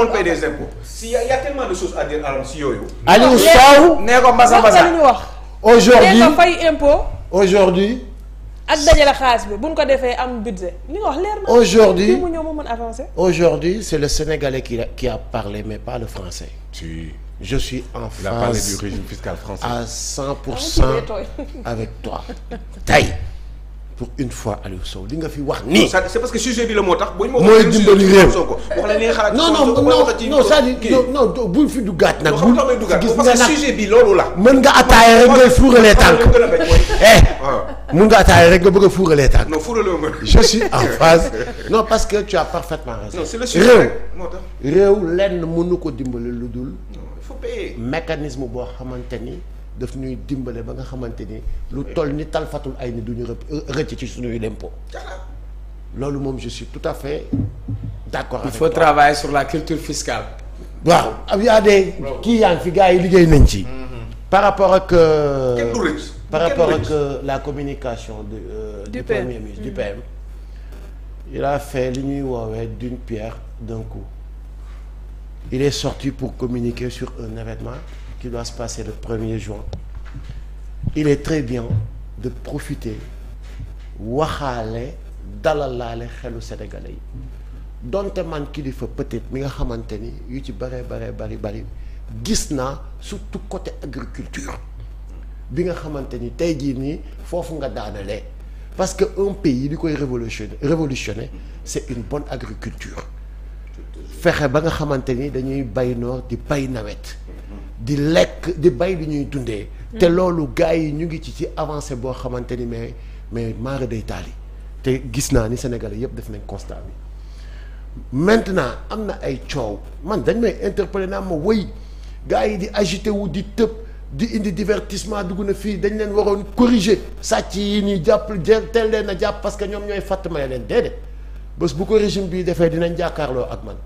monde paie des impôts. si y a tellement de choses à dire alors si yooyu. Aliou Sow nee ko mbasa mbasa aujourd'hui nee ko fay impôt. aujourd'hui ak dajale xaalis bi bu ñu ko defee am budget li nga wax leer na. aujourd'hui mu ñëw mu mën avancer. aujourd'hui c'est le sénégalais qui a qui a parlé mais pas le français. si je suis en France. il a parlé du régime fiscal français. à 100 pour ah, cent avec toi tey. pour une fois Aliou Sow li nga fi wax nii. c'est parce que sujet bi la tax. mooy dimbali réew non non non c'est-à-dire non buñ fi duggaat nag. buñ gis nga nag sujet bi la. mën nga attaaya rek ngay fuuralee tànk. eh ah. mën nga attaaya rek nga bëgg a fuuralee tànk. non je suis en phase. non parce que tu as parfaitement raison. réew réew lenn mënu ko dimbali lu dul. mécanisme boo xamante ni. daf ñuy dimbale ba nga xamante ni lu toll ni talfatul ay ni du ñu rëcc ci suñuy lempo loolu moom je suis tout à fait d'accord avec il faut la culture fiscale waaw am yaa dee yi liggéey nañ ci mhm. par rapport ak euh, par rapport ak euh, la communication de, euh, du, du premier ministre du PM mhm. il a li ñuy woowee d'une pierre d'un coup il est sorti pour communiquer sur un événement qui doit le premier er juin il est très bien de profiter waxaale dalal laale xelu sénégalais yi donte man kilifa peut-être mi nga xamante ni yu ci bëree bëree bëri bëri gis naa surtout côté agriculture bi nga xamante ni tey jii nii foofu nga daanalee parce que un pays li koy révolutionner révolutionner c'est une bonne agriculture fexe ba nga xamante ni dañuy bay noor di bay nawet di lekk di bay li ñuy dundee. te mm. loolu gars yi ñu ngi ci ci avancer boo xamante ni mais mais maara day taali te gis naa ni Sénégalais yëpp def nañ constat bi maintenant am na ay coow man dañ may interpeller naa ma wëy gars yi di agité wu di tëb di indi divertissement dugg na fii dañ leen waroon corriger sàcc yi ñuy jàpp teel leen a jàpp parce que ñoom ñooy fàtt may leen déedéet bés bu ko régime bii defee dinañ jàkkaarloo ak man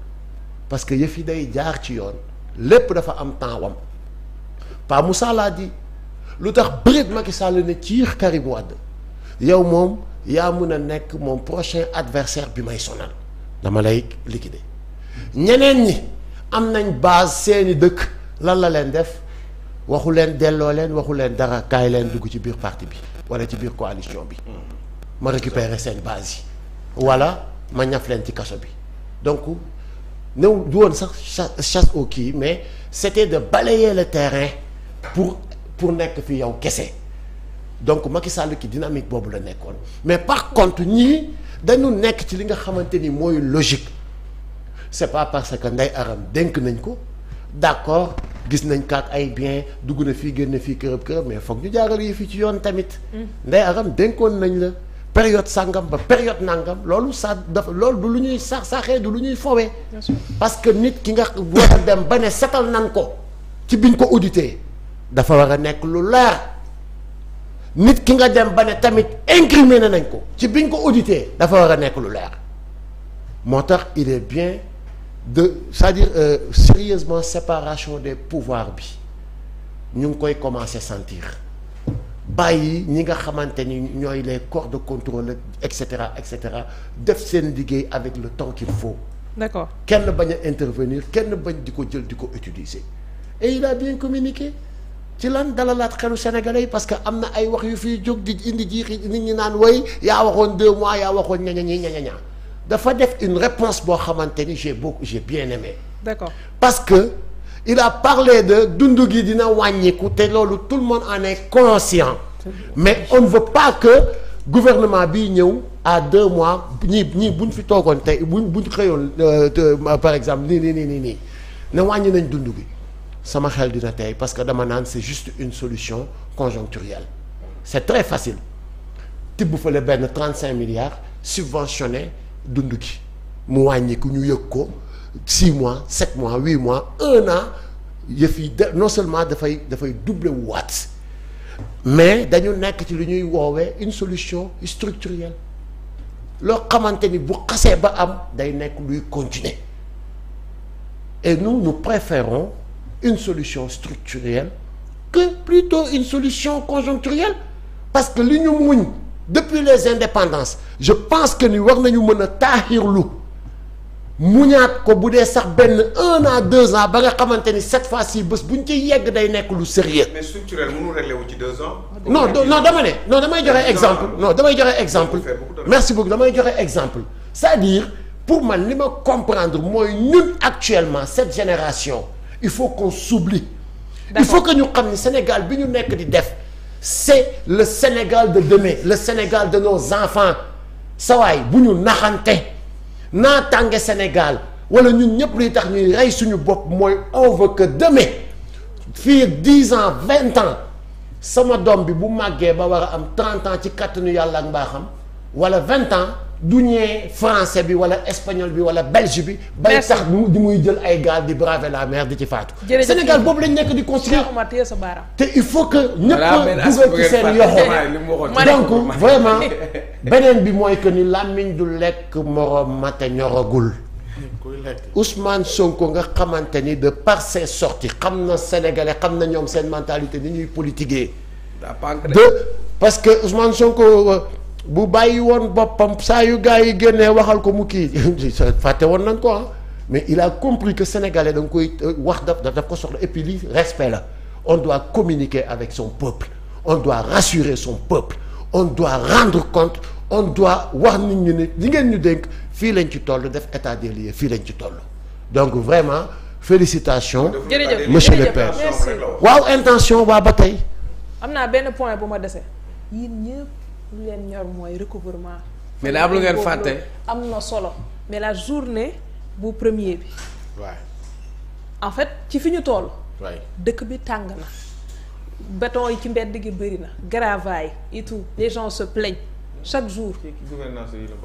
parce que yëf yi day jaar ci yoon. lépp dafa am temps wam Pa Moussa laa di lu tax bëreet Macky sàll ne ciix Karim Wade yow moom yaa mun a nekk moom prochain adversaire bi may sonal dama lay liquider ñeneen ñi am nañ base seeni dëkk lan la leen def waxu leen delloo leen waxu leen dara kaay leen dugg ci biir parti bi wala ci biir coalition bi ma récupérer seen base yi wala ma ñaf leen ci kaso bi donc new du woon sax chasse au kii mais c'était de balayer le terrain pour pour nekk fi yow kese donc Macky Sall ki dynamique boobu la nekkoon mais par contre ñii dañu nekk ci li nga xamante ni mooy logique c'est pas parce que nday Arame dénk nañ ko d'accord gis nañ kaat ay bien dugg na fii génn fii kërëb kërëb mais foog ñu jaaral yi fii ci yoon tamit mm. Ndeye Arame dénkoon nañ la période sangam ba période nàngam loolu sa dafa loolu du lu ñuy sax saaxee du lu ñuy foowee parce que nit ki nga war dem ba ne setal nan ko ci biñ ko audité dafa war a nekk lu leer nit ki nga dem ba ne tamit incriminé na nañ ko ci biñ ko audité dafa war a nekk lu leer moo tax il est bien de c'est-à-dire euh, sérieusement séparation des pouvoirs bi ñu ngi koy commencer sentir bàyyi ñi nga xamante ni ñooy les corps de contrôle et cetera et cetera def seen liggéey avec le temps qu'il faut. d'accord kenn bañ a intervenir kenn bañ di ko jël di ko utiliser. et il a bien communiqué ci lan dalalaat xelu sénégalais yi parce que am na ay wax yu fiy jóg di indi jiixi nit ñi naan way yaa waxoon deux mois yaa waxoon ña ña ña dafa def une réponse boo xamante ni j'ai beaucoup j'ai bien aimé. d'accord parce que. il a parlé de dundu gi dina wàññiku te loolu tout le monde en est conscient mais on ne veut pas que gouvernement bi ñëw à deux mois ñi ñi buñ fi toogoon tey buñ buñ xëyoon euh, par exemple nii nii nii nii nii ne wàññi nañ dundu gi sama xel dina tey parce que dama naan c'est juste une solution conjoncturelle c'est très facile tibb fale benn 35 milliards subventionné dundu gi mu wàññiku ñu yëg ko six mois sept mois huit mois un an yëf yi de non seulement dafay dafay doubler wu waat mais dañu nekk ci lu ñuy woowee une solution structurelle loo xamante ni bu xasee ba am day nekk luy continuer et nous nous préférons une solution structurelle que plutôt une solution conjoncturelle parce que li ñu muñ depuis les indépendances je pense que ni war nañu mën a taaxirlu muñaat ko bu dee sax benn un an deux ans ba nga xamante ni cette fois ci bés bu ñu ci yegg day nekk lu sérieux mais structurel mënul régler wu ci deux ans. non non dama ne non damay joxe exemple ah non damay joxe exemple merci beaucoup damay joxe exemple c'est-à-dire pour man li ma comprendre mooy ñun actuellement cette génération il faut qu'on s'oublie il faut que ñu xam ni Sénégal bi ñu nekk di def c'est le Sénégal de demain le Sénégal de nos enfants sawaay bu ñu naxante naa tànge Sénégal wala ñun ñëpp li tax ñuy rey suñu bopp mooy on veut que demain fii dix ans vingt ans sama doom bi bu màggee ba war a am trente ans ci kattanu yàlla ak mbaaxam wala vingt ans. du ñee français bi wala espagnol bi wala belge bi. bay tax du muy jël ay gaal di braver la mer di ci faatu. Sénégal boobu lañ nekk di construire. te il faut que. ñëpp dugal ci seen yoxo donc vraiment beneen bi mooy que ni làmmiñ du lekk moroom mate ñoragul. Ousmane Sonko nga xamante ni de par ses sorties xam na sénégalais xam na ñoom seen mentalité ni ñuy politiquer. de parce que Sonko. Euh, bu bàyyi woon boppam saa yu gars yi génnee waxal ko mu kii fàtte woon nañ ko ah mais il a compris que sénégalais da koy euh, wax daf daf ko soxla et puis lii respect la on doit communiquer avec son peuple on doit rassurer son peuple on doit rendre compte on doit wax nit ñi ne li ngeen ñu dénk fii lañ ci toll def état des lieux fii lañ ci toll donc vraiment félicitation monsieur le père waaw intention waa ba tey am naa benn point bu ma desee lu leen ñor mooy recouvrement. mais la am lu ngeen fàtte am na solo mais la journée bu premier bi. waay en fait ci fi ñu toll. dëkk bi tàng na. béton yi ci mbedd gi bëri na. gravats yi et tout les gens se plaignent chaque jour.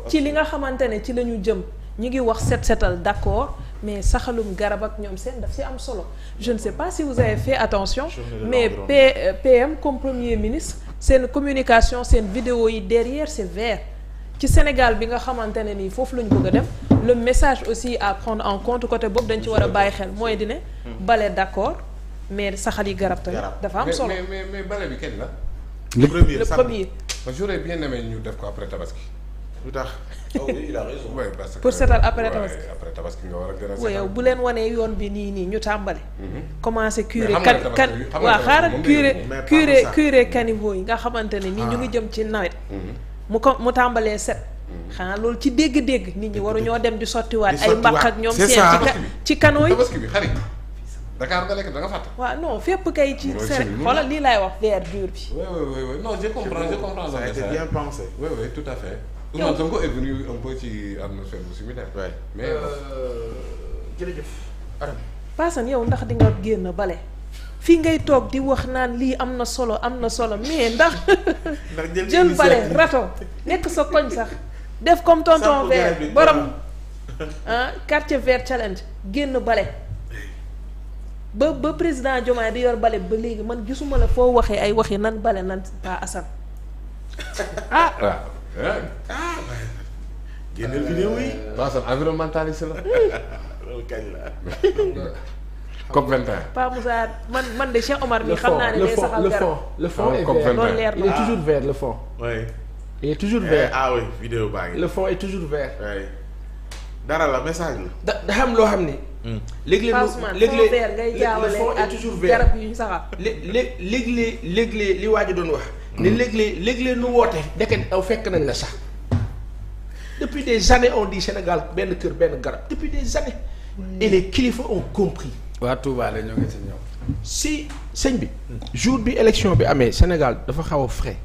ci li nga xamante ne ci la ñu jëm. ñu ngi wax set setal d'accord mais saxalum garab ak ñoom seen daf si am solo je ne sais pas si vous avez fait attention mais euh, P m comme premier ministre seen communication seen vidéo yi derrière c'est vert ci Sénégal bi nga xamante ne nii foofu la ñu bëgg a def le message aussi à prendre en compte côté boobu dañ ci war a bàyyi xel mooy dina ne. Hmm. bale d'accord mais saxal yi garab tamit. dafa am solo mais mais mais bale bi kenn la. le premier le premier. j'aurais bien aimé ñu def ko après tabaski. lu tax. Oh, parce que pour seetal après tabaski après tabaski nga leen wanee yoon bi nii nii ñu tàmbale. Mhm. commencé curé kan kan waaw xaaral curé curé curé caniveau yi nga xamante ne nii ñu ngi ah. jëm ci nawet. Mhm. mu ko mu tàmbalee set. Mhm. xanaa loolu ci dégg-dégg nit ñi waru ñoo dem di sottiwaat ay mbaq ak ñoom seen ci kanoo yi tabaski bi xarit Dakar nga lekk da nga fàtte. waaw non fépp kay ci seen xoolal lii laay wax verdure bi. oui à fait. Ousmane ci atmosphère bu similaire. Euh, jërëjëf Adam. Paasan yow ndax di nga génn bale. fii ngay toog di wax naan lii am na solo am na solo mais ndax. jël bale rato nekk sa koñ sax. def comme tonton vert borom ah quartier vert challenge génn bale. ba ba président jomaa di yor bale ba léegi man gisuma la foo waxee ay waxi nan bale nan Pa Assane ah. Eh, ah génneel vidéo yi. Paasal euh, environnementaliste la. loolu kañ la. COP 21. Pa Moussa man man de Cheikh Omar bi xam naa ah, toujours vert le fond. oui. il est toujours vert eh, ah oui toujours vert. dara la message la. da da loo xam ni. Hmm. léeg-léeg léeg-léeg le fond est toujours vert garab yu ñu saxal. léeg-léeg léeg-léeg li waa ji doon wax. ni léeg-léeg léeg nu woote di aw fekk nañ la sax depuis des années on dit Sénégal benn kër benn garab depuis des années et kilifa ont compris waa Touba ñoo ngi si si sëñ bi jour bi élection bi amee Sénégal dafa xaw a frais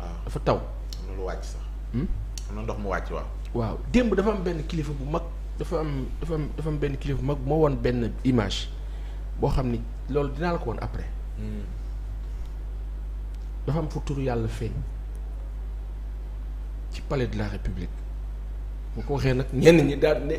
waaw ah. dafa taw am lu wàcc sax hmm? am na ndox mu wàcc waaw waaw démb dafa am benn kilifa bu mag dafa am dafa am benn kilifa bu mag moo woon benn image boo xam ni loolu dinaa la ko woon après hmm. dafa am fu turu yàlla feeñ ci palais de la république bu ko waxee nag ñenn ñi daal ne